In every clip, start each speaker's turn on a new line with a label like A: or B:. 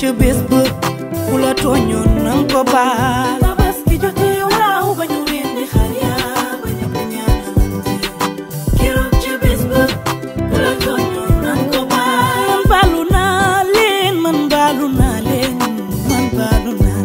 A: ci bés ku la tooñoon nan ko baal tabaski jote yow raaw ba ñu leen di xar yaa ba ñëpp ñaanalante ci bés ku la tooñoon nan ko baal man baalu naa leen man baalu naa leen man baalu naa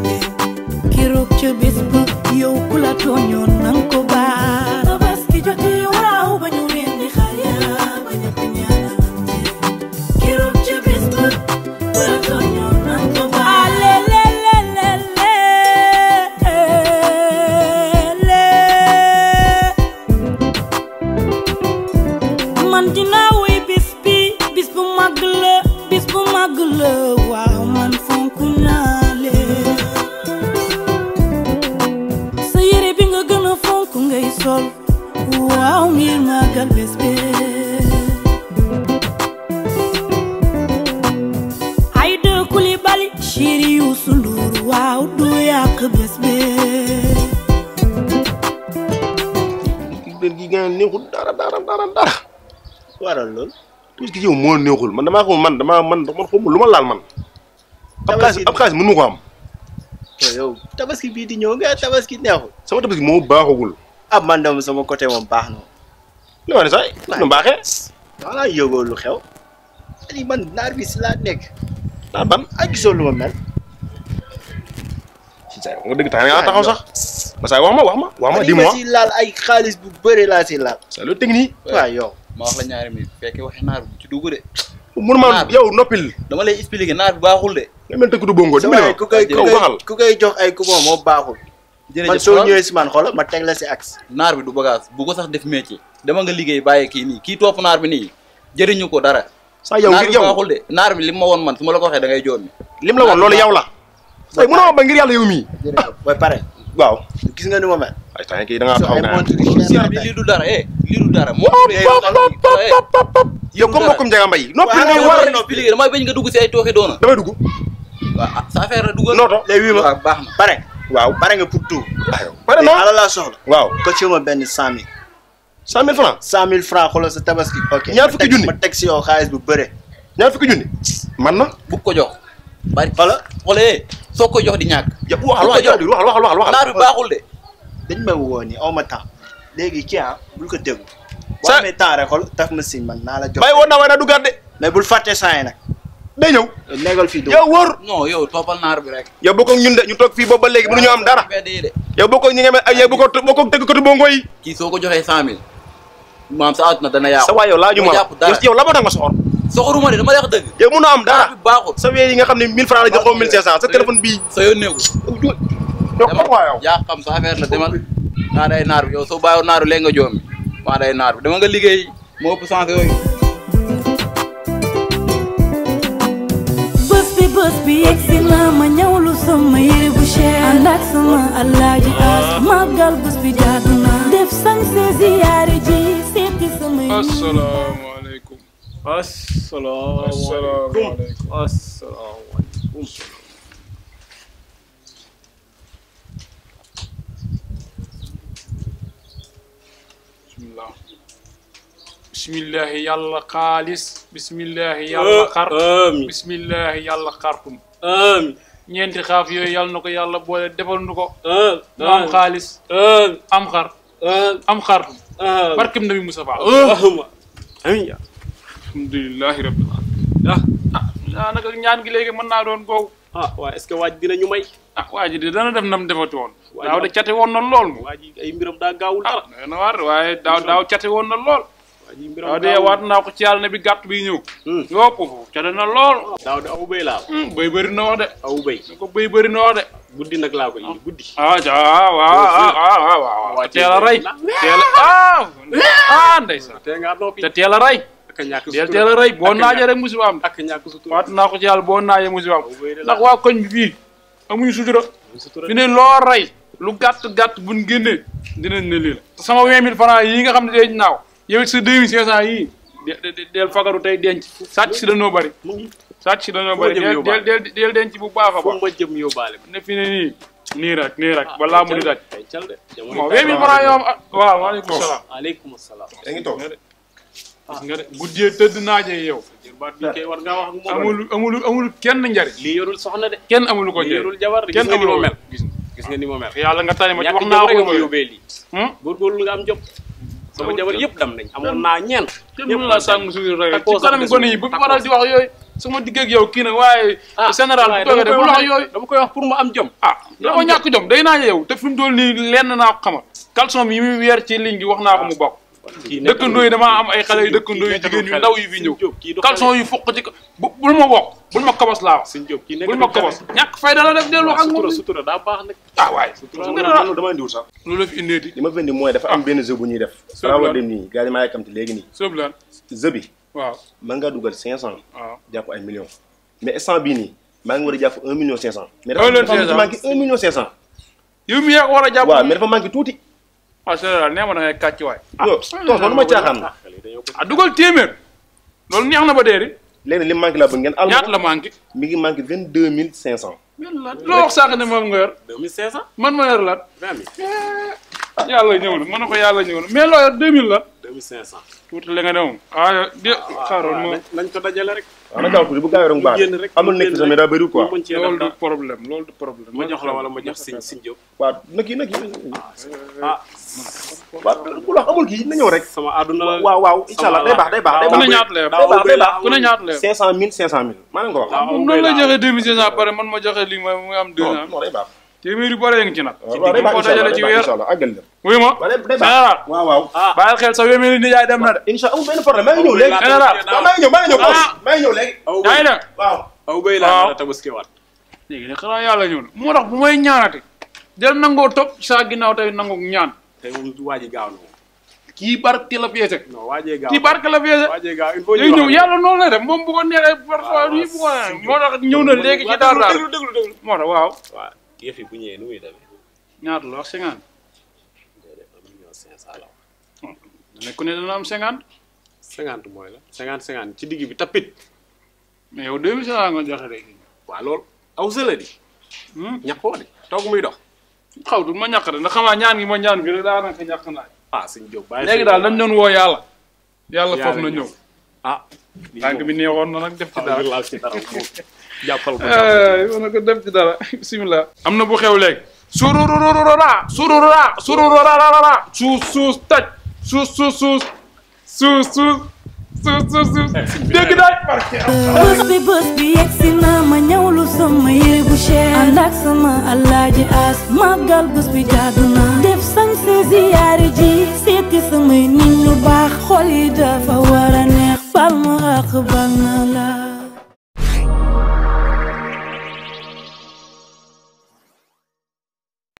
A: waaw ngir màggal bés bi ay dëkku li bali Sidy Youssou Ndour waaw du yàq bés bi
B: kër gi nga neexul dara dara dara dara waral loolu puisque yow moo neexul man damaa ko man damaa man man xaw ma lu ma laal man ab xaalis ab xaalis mënu ko am yow tabaski bii di ñëw nga tabaski neexul sama tabaski moo baaxagul ah man sama côté moom baax na. li ma ne lu xew. ani man naar bi si laa nekk. naar ban ay ah, gisoo lu ma mel. Saay wax nga dëgg tax na nga sax. Ah, Masaay wax ma wax ma wax ma di ma si laal bu bëri laa si laal. sa yow ma wax la ñaari mi fekkee waxi naar bu ci dugg mun ma yow noppil. dama lay expliquer naar bi baaxul de. nga mel ku koy ku jox ay coupon moo baaxul. jërëjëf soo ñëwee si man xoolal ma teg la si axe. naar bi du bagage bu ko sax def métier dama nga liggéey bàyyi kii nii kii topp naar bi nii jëriñu ko dara. sax yow ngir yow naar naar bi li ma woon man su ma la ko waxee da ngay joon. la woon loolu yow la. waaye mënoo ba ngir yàlla yow mii. jërëjëf waaye pare. waaw gis nga ni ma mel. ay temps da ngaa taxaw naa lii du dara eh lii du dara. moo eh. yow comme noppi li ngay war noppi liggéey dama bañ nga dugg si ay tooxi doona damay dugg. waaw ah, sa affaire la nooto léegi ma baax na pare waaw pare nga pour tout. pare naa alal soxla. waaw ko ci ma benn cent mille. cent mille franc. cent mille franc xoolal sa tabaski. ok ñaar fukki junni ma teg si yow xaalis bu bëre. ñaar fukki junni. man na. bu ko jox. bari wala wala eh, soo ko jox di ñàkk. waxal waxal waxal waxal waxal naar bi baaxul de. dañ ma woo ni aw ma temps léegi kii ah bul ko déglu. sa boo amee temps rek xool taf ma si man naa la jox. bàyyi woon naa waaye naa duggaat de. mais bul fàtte saa yi nag. day ñëw. nekkal fii yow wóor. non yow toppal naar bi rek. yow bokkoog ñun de ñu toog fii boobu ba léegi mënuñu am dara. yow bokkoog ñi nga mel ay yow bokkoog bokkoog dëgg ko joxee cent maam sa àdduna dana yaaw. sa waay yow laaju ma la ma tax nga soxor. soxoruma de dama lay wax dëgg. yow mënoo am dara baaxul. sa weer yi nga la jox sa naar bi yow soo bàyyoo naaru naar bi dama nga liggéey moo ëpp sens
A: bës bi yegg si na ma ñawlu sama yére bu cher ànd ak sama alaaji as ah. màggal bës bi jaadu naa def sang see ziyaare ji seeti sama yére asalaamaaleykum
C: asalaamaaleykum asalaamaaleykum bismillahi yàlla xaalis bismillahi yàlla xar bismillahi yàlla xartum amiin ñeenti xaaf yooyu yàlla na ko yàlla boole defal nu ko nu am xaalis am xar am xartum barkem nabi Mustafa amiin alhamdulilahi rabbil alamin ah daanaka ñaan gi léegi mën naa doon googu ah waa est-ce que waaj dina ñu may ah waa de dana def nam defati woon daaw de cate woon na lool mu waa ah, daaw daaw cate woon na lool
B: waaw de waat
C: naa ko ci yàlla bi gàtt bi ñëw. yokku hmm. ca dana lool. daaw de aw béy hmm, wax de. aw béy wax de. guddi nag laa ko indi guddi. ah, ah ja waaw waaw waaw teel a rey. teel a ah ndeysaan. a rey. teel teel a rey boo am. waat naa ko ci yàlla boo naajee am ndax waa koñ bi fii amuñu sutura. fi ne loo rey. lu gàtt gàtt buñ génnee dinañ ne lii la. sama 20000 francs yi nga xam ne dinañ naaw. yow it sa 2500 yii de del fagaru tey denc sàcc si dañoo bari. sàcc si dañoo bari del del del denc bu baax a baax. fu ma jëm yóbbaale ne fi ne nii. nii rek nii rek balaa mu di daj. waaw ah, vingt mille francs yow ah, waaw waaleykum salaam. waaleykum salaam. yaa ngi toog. gis nga de bu jee tëdd naajee yow. amul amul amul kenn njariñ. lii yorul soxna de. kenn amul ko njariñ yorul jabar kenn amul ko mel. gis nga ni mu mel. yàlla nga tari ma ci wax naa ko yóbbee lii. Hmm? góorgóorlu nga am jom. sama jabar yëpp dam nañ amoon naa ñeent yëpp la sàmm suñu roy ci kanam gone yi bu waral di wax yooyu sama digg ak yow kii nag waaye ah, général bu toogee de bu loxo yooyu dama koy wax pour mu am jom ah dama ñàkk jom day naa yow te fi mu toll nii lenn naa ko xamal caleçon yi muy weer ci ligne gi wax naa ko mu bokk dëkkandoo yi damaa am ay xale yu dëkkandoo yu jigéen yu ndaw yu fi ñëw caleçon yu fuq ci bul ma bokk bul ma kobos laa wax. sëñ Diop kii nekk bul ma kobos. ñàkk fay dana def delloo ak moom sutura daa baax nag. ah waay sutura loolu
B: dama ma fi indi ah. bii nii maa ngi war a jàpp 1 million 500. mais dafa manqué a jàpp. waaw
C: mais dafa manqué tuuti. ah c'est ma da ngay kàcc waay. ah tos man dugal téeméer loolu neex na ba dee léegi li mu la laa bëgg ngeen. alma ñaata la manqué. mi ngi manqué vingt deux mille cinq cent. loo wax sànq ne moom nga yor. deux mille cinq cent man ma yor lan. vingt mille. Eh, yàlla ñëw na ko yàlla ñëw na mais loo yor deux mille la. 4500. tuutale nga ne moom.
B: ah de ah, xaaral ma nañ ko dajale rek. waaw ah, na gaaw tuuti bu gaawee rek baax amul nekk tamit daa bëri quoi. loolu du problème loolu du problème. ma jox la wala ma jox siñ siñ Diop. waaw nag yi nag yi. ah. waaw ku la amul kii na ñëw rek. sama àdduna la waaw waaw incha allah day baax day baax. ku ne ñaata la day baax day baax ku ne ñaata la 500000 500000. maa ngi ko wax. waaw moom noonu la joxee 2500
C: pare man ma joxe lii ma mu am 2 ans. non non day baax.
B: téeméer yu bare ngi ci nag. waaw waaw ko dajale ci weer wuyu ma. général waaw waaw. Ah, bàyyi xel sax yéen jaay dem na de. incha allah benn problème maa ngi ñëw léegi. général waaw maa ngi
C: ñëw ah. a yàlla ñëw moo tax bu may ñaanate. del nangoo topp saa ginnaaw tey nangu ñaan. tey moom waaji gaaw na kii barke la feese. kii barke la feese. waajee gaaw il faut moom bu ko neexee parfois ah, moo léegi ci daal moo tax waaw yëf yi bu ñëwee nu muy demee. ñaata la wax cinquante. Hmm. ne dana am cinquante. cinquante mooy la cinquante cinquante ci digg bi tapit. mais yow deux mille cinq cent nga joxe rek. waaw loolu aw sëla di. Hmm? ñàkkoo di toog muy dox. xaw du ma ñàkk de ndax xamaa ñaan gi ma ñaan gi rek daanaka ñàkk naa. ah suñ daal dañ doon woo yàlla. yàlla foofu na ñëw. Ah, bi neexoon na nag def jàppal ko jàppal na ko def ci dara bisimilah. am na bu xew léegi. sururururura sururura sururururara suus suus taj suus suus suus suus suus suus suus suus eh, dégg daay bës
A: bi bës bi yegg si naa ma ñëw lu sama yére bu cher ànd ak sama alaaji as màggal bës bi jaadu naa def sañ si ziyaare ji seeti samay nit ñu baax xol yi dafa war a neex bal ma àq bal na la